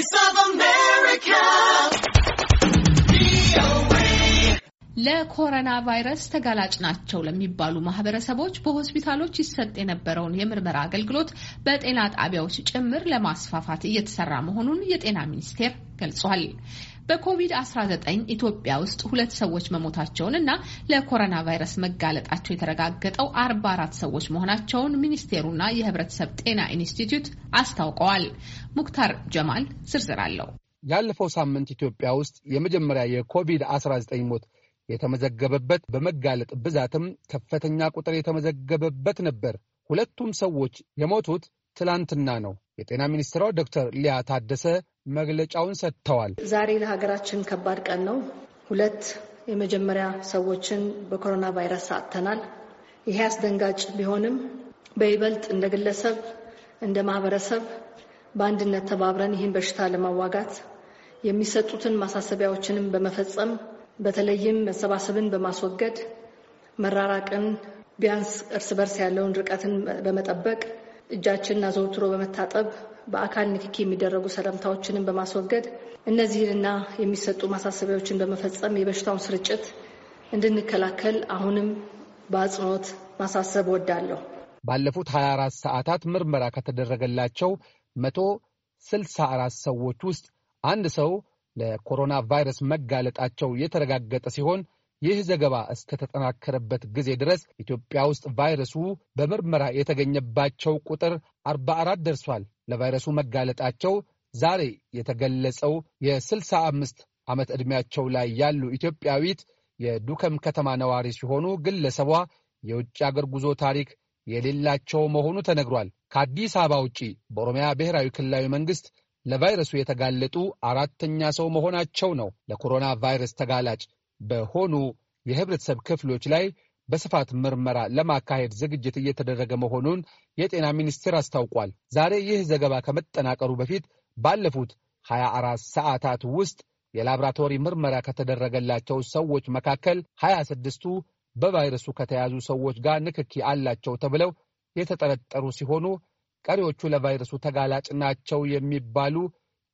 Voice of America. ለኮሮና ቫይረስ ተጋላጭ ናቸው ለሚባሉ ማህበረሰቦች በሆስፒታሎች ይሰጥ የነበረውን የምርመራ አገልግሎት በጤና ጣቢያዎች ጭምር ለማስፋፋት እየተሰራ መሆኑን የጤና ሚኒስቴር ገልጿል። በኮቪድ-19 ኢትዮጵያ ውስጥ ሁለት ሰዎች መሞታቸውን እና ለኮሮና ቫይረስ መጋለጣቸው የተረጋገጠው 44 ሰዎች መሆናቸውን ሚኒስቴሩና የሕብረተሰብ ጤና ኢንስቲትዩት አስታውቀዋል። ሙክታር ጀማል ዝርዝር አለው። ያለፈው ሳምንት ኢትዮጵያ ውስጥ የመጀመሪያ የኮቪድ-19 ሞት የተመዘገበበት በመጋለጥ ብዛትም ከፍተኛ ቁጥር የተመዘገበበት ነበር። ሁለቱም ሰዎች የሞቱት ትላንትና ነው። የጤና ሚኒስትሯ ዶክተር ሊያ ታደሰ መግለጫውን ሰጥተዋል። ዛሬ ለሀገራችን ከባድ ቀን ነው። ሁለት የመጀመሪያ ሰዎችን በኮሮና ቫይረስ አጥተናል። ይሄ አስደንጋጭ ቢሆንም በይበልጥ እንደ ግለሰብ፣ እንደ ማህበረሰብ በአንድነት ተባብረን ይህን በሽታ ለማዋጋት የሚሰጡትን ማሳሰቢያዎችንም በመፈጸም በተለይም መሰባሰብን በማስወገድ መራራቅን ቢያንስ እርስ በርስ ያለውን ርቀትን በመጠበቅ እጃችንን አዘውትሮ በመታጠብ በአካል ንክኪ የሚደረጉ ሰላምታዎችንን በማስወገድ እነዚህንና የሚሰጡ ማሳሰቢያዎችን በመፈጸም የበሽታውን ስርጭት እንድንከላከል አሁንም በአጽንኦት ማሳሰብ ወዳለሁ። ባለፉት 24 ሰዓታት ምርመራ ከተደረገላቸው 164 ሰዎች ውስጥ አንድ ሰው ለኮሮና ቫይረስ መጋለጣቸው የተረጋገጠ ሲሆን ይህ ዘገባ እስከተጠናከረበት ጊዜ ድረስ ኢትዮጵያ ውስጥ ቫይረሱ በምርመራ የተገኘባቸው ቁጥር 44 ደርሷል። ለቫይረሱ መጋለጣቸው ዛሬ የተገለጸው የ65 ዓመት ዕድሜያቸው ላይ ያሉ ኢትዮጵያዊት የዱከም ከተማ ነዋሪ ሲሆኑ ግለሰቧ የውጭ አገር ጉዞ ታሪክ የሌላቸው መሆኑ ተነግሯል። ከአዲስ አበባ ውጪ በኦሮሚያ ብሔራዊ ክልላዊ መንግሥት ለቫይረሱ የተጋለጡ አራተኛ ሰው መሆናቸው ነው። ለኮሮና ቫይረስ ተጋላጭ በሆኑ የህብረተሰብ ክፍሎች ላይ በስፋት ምርመራ ለማካሄድ ዝግጅት እየተደረገ መሆኑን የጤና ሚኒስቴር አስታውቋል። ዛሬ ይህ ዘገባ ከመጠናቀሩ በፊት ባለፉት 24 ሰዓታት ውስጥ የላብራቶሪ ምርመራ ከተደረገላቸው ሰዎች መካከል 26ቱ በቫይረሱ ከተያዙ ሰዎች ጋር ንክኪ አላቸው ተብለው የተጠረጠሩ ሲሆኑ ቀሪዎቹ ለቫይረሱ ተጋላጭ ናቸው የሚባሉ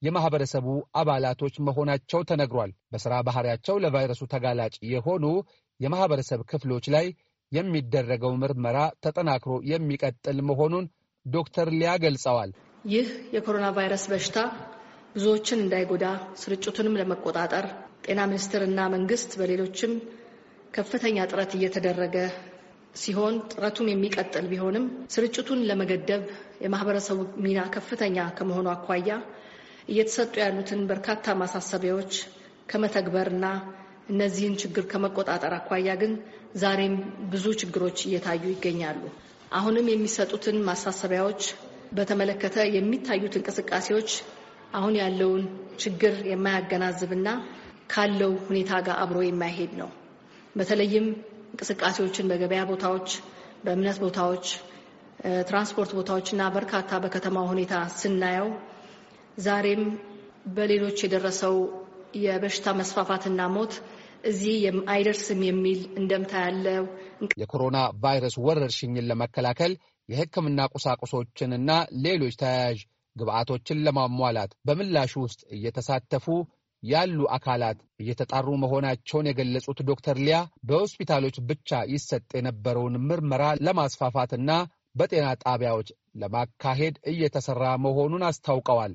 የማህበረሰቡ አባላቶች መሆናቸው ተነግሯል። በሥራ ባህሪያቸው ለቫይረሱ ተጋላጭ የሆኑ የማህበረሰብ ክፍሎች ላይ የሚደረገው ምርመራ ተጠናክሮ የሚቀጥል መሆኑን ዶክተር ሊያ ገልጸዋል። ይህ የኮሮና ቫይረስ በሽታ ብዙዎችን እንዳይጎዳ ስርጭቱንም ለመቆጣጠር ጤና ሚኒስቴርና መንግስት በሌሎችም ከፍተኛ ጥረት እየተደረገ ሲሆን ጥረቱም የሚቀጥል ቢሆንም ስርጭቱን ለመገደብ የማህበረሰቡ ሚና ከፍተኛ ከመሆኑ አኳያ እየተሰጡ ያሉትን በርካታ ማሳሰቢያዎች ከመተግበርና እነዚህን ችግር ከመቆጣጠር አኳያ ግን ዛሬም ብዙ ችግሮች እየታዩ ይገኛሉ። አሁንም የሚሰጡትን ማሳሰቢያዎች በተመለከተ የሚታዩት እንቅስቃሴዎች አሁን ያለውን ችግር የማያገናዝብና ካለው ሁኔታ ጋር አብሮ የማይሄድ ነው። በተለይም እንቅስቃሴዎችን በገበያ ቦታዎች፣ በእምነት ቦታዎች፣ ትራንስፖርት ቦታዎች እና በርካታ በከተማው ሁኔታ ስናየው ዛሬም በሌሎች የደረሰው የበሽታ መስፋፋትና ሞት እዚህ አይደርስም የሚል እንደምታ ያለው የኮሮና ቫይረስ ወረርሽኝን ለመከላከል የሕክምና ቁሳቁሶችንና ሌሎች ተያያዥ ግብአቶችን ለማሟላት በምላሽ ውስጥ እየተሳተፉ ያሉ አካላት እየተጣሩ መሆናቸውን የገለጹት ዶክተር ሊያ በሆስፒታሎች ብቻ ይሰጥ የነበረውን ምርመራ ለማስፋፋትና በጤና ጣቢያዎች ለማካሄድ እየተሰራ መሆኑን አስታውቀዋል።